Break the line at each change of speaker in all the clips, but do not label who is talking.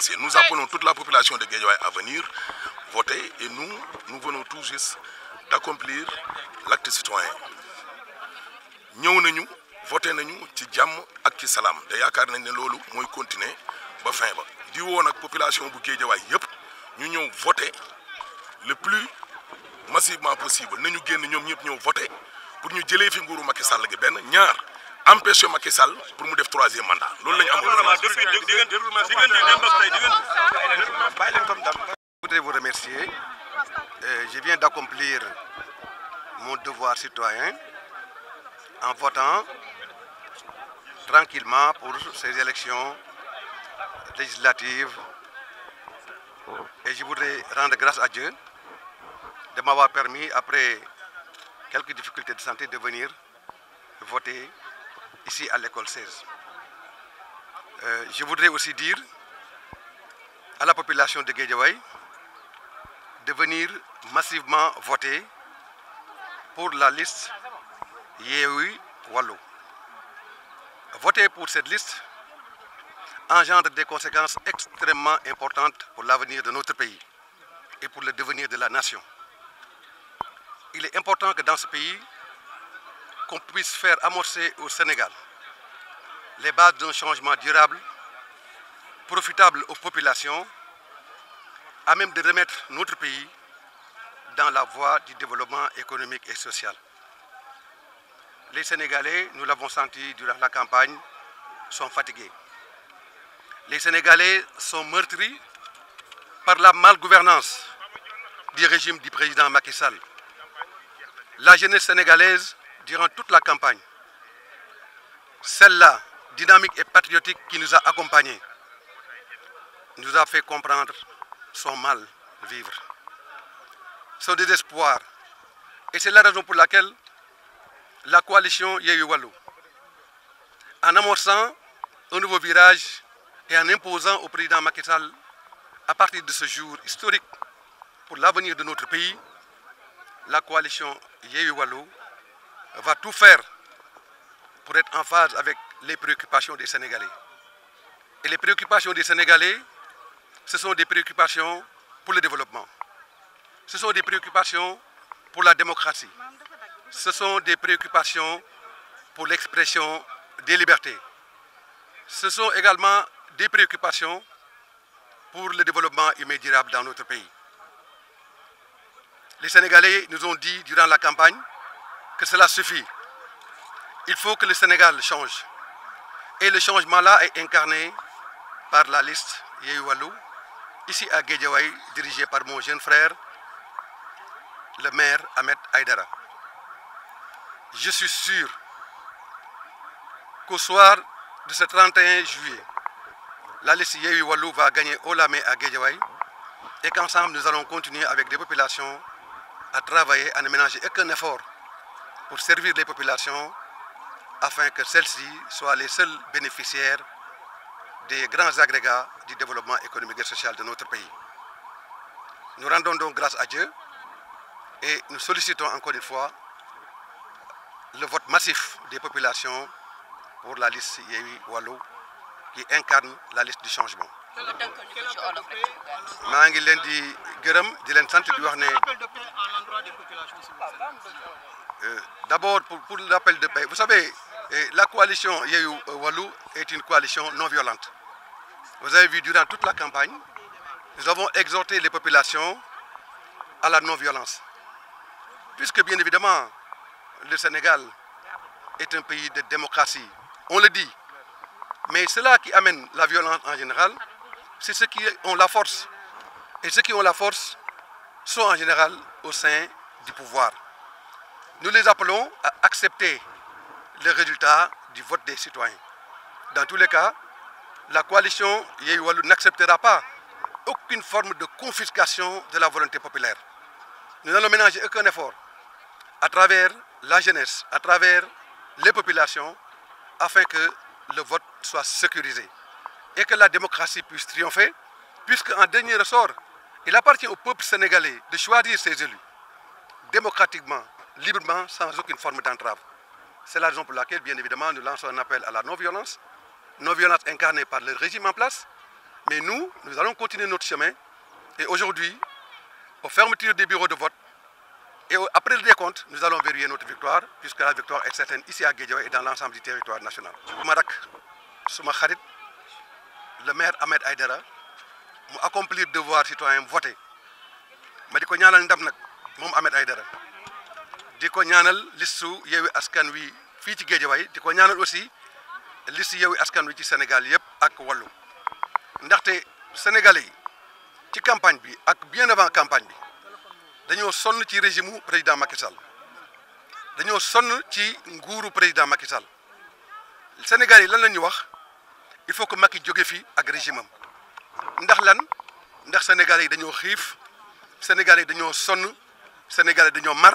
financier. Nous appelons toute la population de Guédiawaye à venir voter et nous, nous venons tout juste d'accomplir l'acte citoyen. ñëw nañu voter nañu ci jàmm ak ci salaam te yaakaar nañ ne loolu mooy continuer ba fin ba di woo population de Guédiawaye nous ñu voter le plus massivement possible nañu génn voter pour nous délivrer fi nguuru Macky Sall je voudrais vous remercier. Euh, je viens d'accomplir mon devoir citoyen en votant tranquillement pour ces élections législatives. Et je voudrais rendre grâce à Dieu de m'avoir permis, après quelques difficultés de santé, de venir voter ici à l'école 16. Euh, je voudrais aussi dire à la population de Guédiaway de venir massivement voter pour la liste Yehui Wallo. Voter pour cette liste engendre des conséquences extrêmement importantes pour l'avenir de notre pays et pour le devenir de la nation. Il est important que dans ce pays, qu'on puisse faire amorcer au Sénégal les bases d'un changement durable, profitable aux populations, à même de remettre notre pays dans la voie du développement économique et social. Les Sénégalais, nous l'avons senti durant la campagne, sont fatigués. Les Sénégalais sont meurtris par la malgouvernance du régime du président Macky Sall. La jeunesse sénégalaise durant toute la campagne. Celle-là, dynamique et patriotique qui nous a accompagnés, nous a fait comprendre son mal vivre, son désespoir. Et c'est la raison pour laquelle la coalition Yeyu en amorçant un nouveau virage et en imposant au président Macky à partir de ce jour historique pour l'avenir de notre pays, la coalition Yeyu va tout faire pour être en phase avec les préoccupations des Sénégalais. Et les préoccupations des Sénégalais, ce sont des préoccupations pour le développement. Ce sont des préoccupations pour la démocratie. Ce sont des préoccupations pour l'expression des libertés. Ce sont également des préoccupations pour le développement immédiat dans notre pays. Les Sénégalais nous ont dit durant la campagne que cela suffit. Il faut que le Sénégal change. Et le changement-là est incarné par la liste Yeyualou, ici à Guédiawaï, dirigée par mon jeune frère, le maire Ahmed Aïdara. Je suis sûr qu'au soir de ce 31 juillet, la liste Yewi va gagner haut la à Guédiawaï et qu'ensemble nous allons continuer avec des populations à travailler, à ne ménager aucun effort pour servir les populations afin que celles-ci soient les seuls bénéficiaires des grands agrégats du développement économique et social de notre pays. Nous rendons donc grâce à Dieu et nous sollicitons encore une fois le vote massif des populations pour la liste Yéhi Wallou qui incarne la liste du changement. Euh, d'abord pour, l'appel de paix. Vous savez, euh, la coalition Yeyou euh, Walou est une coalition non violente. Vous avez vu durant toute la campagne, nous avons exhorté les populations à la non-violence. Puisque bien évidemment, le Sénégal est un pays de démocratie, on le dit. Mais cela qui amène la violence en général, c'est ceux qui ont la force. Et ceux qui ont la force sont en général au sein du pouvoir. Nous les appelons à accepter le résultat du vote des citoyens. Dans tous les cas, la coalition Yeyoualou n'acceptera pas aucune forme de confiscation de la volonté populaire. Nous n'allons ménager aucun effort à travers la jeunesse, à travers les populations, afin que le vote soit sécurisé et que la démocratie puisse triompher, puisque en dernier ressort, il appartient au peuple sénégalais de choisir ses élus démocratiquement librement, sans aucune forme d'entrave. C'est la raison pour laquelle, bien évidemment, nous lançons un appel à la non-violence, non-violence incarnée par le régime en place. Mais nous, nous allons continuer notre chemin. Et aujourd'hui, aux fermeture des bureaux de vote et après le décompte, nous allons verrouiller notre victoire, puisque la victoire est certaine ici à Guédio et dans l'ensemble du territoire national. Marak, Souma le maire Ahmed Aydara, accompli le devoir citoyen voter Je Ahmed Aydara diko ñaanal listu Yewwi Askan Wi fi ci Géejawaay di ko ñaanal aussi listu Yewwi Askan Wi ci Sénégal yépp ak wàllu ndaxte sénégalais yi ci campagne bi ak bien avant campagne bi dañoo sonn ci régime président Macky Sall dañoo sonn ci nguuru président Macky Sall sénégalais yi lan la ñuy wax il faut que Macky jóge fi ak régime am ndax lan ndax sénégalais yi dañoo xiif sénégalais yi dañoo sonn sénégalais dañoo mar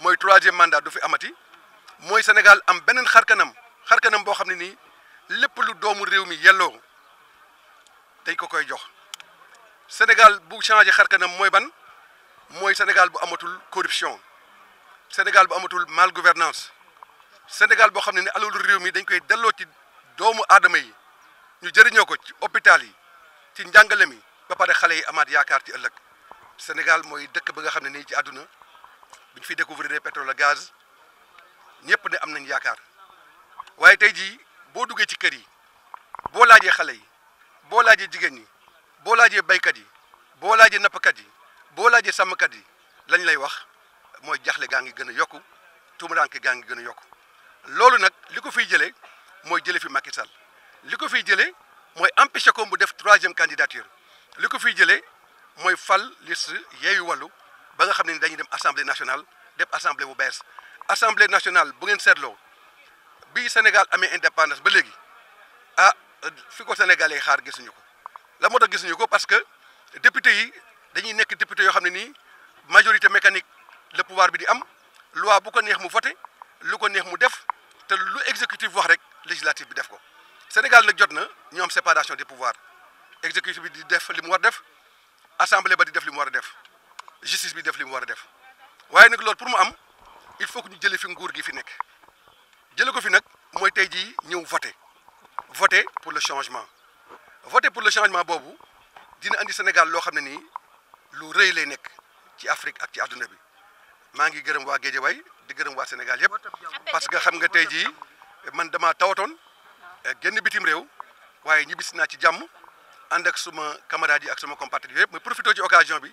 mooy troisième mandat du fi amati mooy Sénégal am beneen xarkanam xarkanam boo xam ne nii lépp lu doomu réew mi yelloo dañ ko koy jox Sénégal bu changé xarkanam mooy ban mooy Sénégal bu amatul corruption Sénégal bu amatul mal gouvernance Sénégal boo xam ne ni alalu réew mi dañ koy delloo ci doomu aadama yi ñu jëriñoo ko ci hôpital yi ci njàngale mi ba pare xale yi amaat yaakaar ci ëllëg Sénégal mooy dëkk ba nga xam ne nii ci àdduna bi ñu fi découvrir pétrole gaz ñëpp ne am nañ yaakaar waaye tey jii boo duggee ci kër yi boo laajee xale yi boo laajee jigéen ñi boo laajee baykat yi boo laajee nappkat yi boo laajee sàmmkat yi lañ lay wax mooy jaxle gaa ngi gën a yokku tuumaraanke gaa ngi gën a yokku loolu nag li ko fi jëlee mooy jële fi Macky li ko fiy jëlee mooy empêché ko mu def troisième candidature li ko fiy jëlee mooy fal liste yeeyu wàllu ba nga xam ne ni dañuy dem assemblée nationale deb assemblée bu bees assemblée nationale bu ngeen seetloo bi Sénégal amee indépendance ba léegi ah fi ko sénégalais xaar gisuñu ko la moo tax gisuñu ko parce que député yi dañuy nekk député yoo xam ne nii majorité mécanique le pouvoir bi di am loi bu ko neex mu voté lu ko neex mu def te lu exécutif wax rek législatif bi def ko Sénégal nag jot na ñu am séparation des pouvoirs exécutif bi di def li mu war def assemblée ba di def li mu war a def justice bi def li mu war a def waaye nag loolu pour mu am il faut que ñu jëlee fi nguur gi fi nekk jëlee ko fi nag mooy tey jii ñëw voter voter pour le changement voter pour le changement boobu dina andi Sénégal loo xam ne nii lu rëy lay nekk ci Afrique ak ci àdduna bi maa ngi gërëm waa Guédiawaye di gërëm waa Sénégal yëpp parce que xam nga tey jii man damaa tawatoon eh, génn bitim réew waaye ñibbisi naa ci jàmm ànd ak suma camarade yi ak suma compatriotes yëpp ma profité ci occasion bi.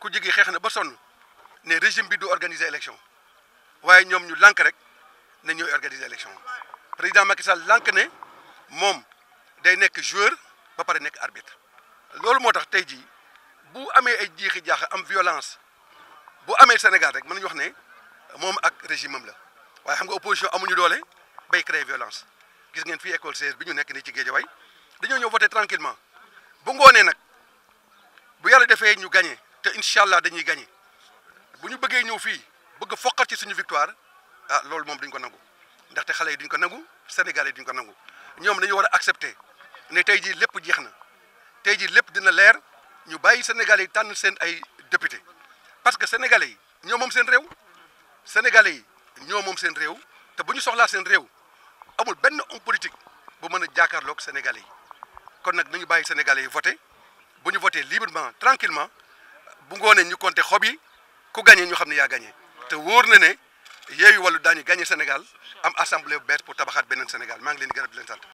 ku jigi xeex na ba sonn ne régime bi du organiser élection waaye ñoom ñu lànk rek ne ñooy organiser élection président Macky Sall lànk ne moom day nekk joueur ba pare nekk arbitre. loolu moo tax tey jii bu amee ay jiixi jaax am violence bu amee Sénégal rek mën nañu wax ne moom ak régime am la waaye xam nga opposition amuñu doole bay créé violence gis ngeen fii école CS bi ñu nekk ni ci Guédiawaye dañoo ñëw voter tranquillement bu ngoonee nag bu yàlla defee ñu gagner te si nous dañuy gagné nous bëggé ñëw si bëgg ci suñu victoire ah lool Nous duñ ko nangu faire. xalé yi duñ ko nangu Sénégal yi duñ ko nangu ñom dañu wara accepter ne tay ji lépp lépp dina ñu Sénégalais yi tànn sen ay député parce que sénégalais yi ñom mom sen réew sénégalais yi ñom mom sen réew te buñu soxla sen amul homme politique bu mëna sénégalais yi kon nak sénégalais yi Si nous librement tranquillement bu ngoonee ñu xobi xob yi ku gagné ñu xam ne yaa gagné te wóor na ne Yewwi Wallu daañu gagné Sénégal am assemblée bu bees pour tabaxaat beneen Sénégal maa ngi leen di gërëm di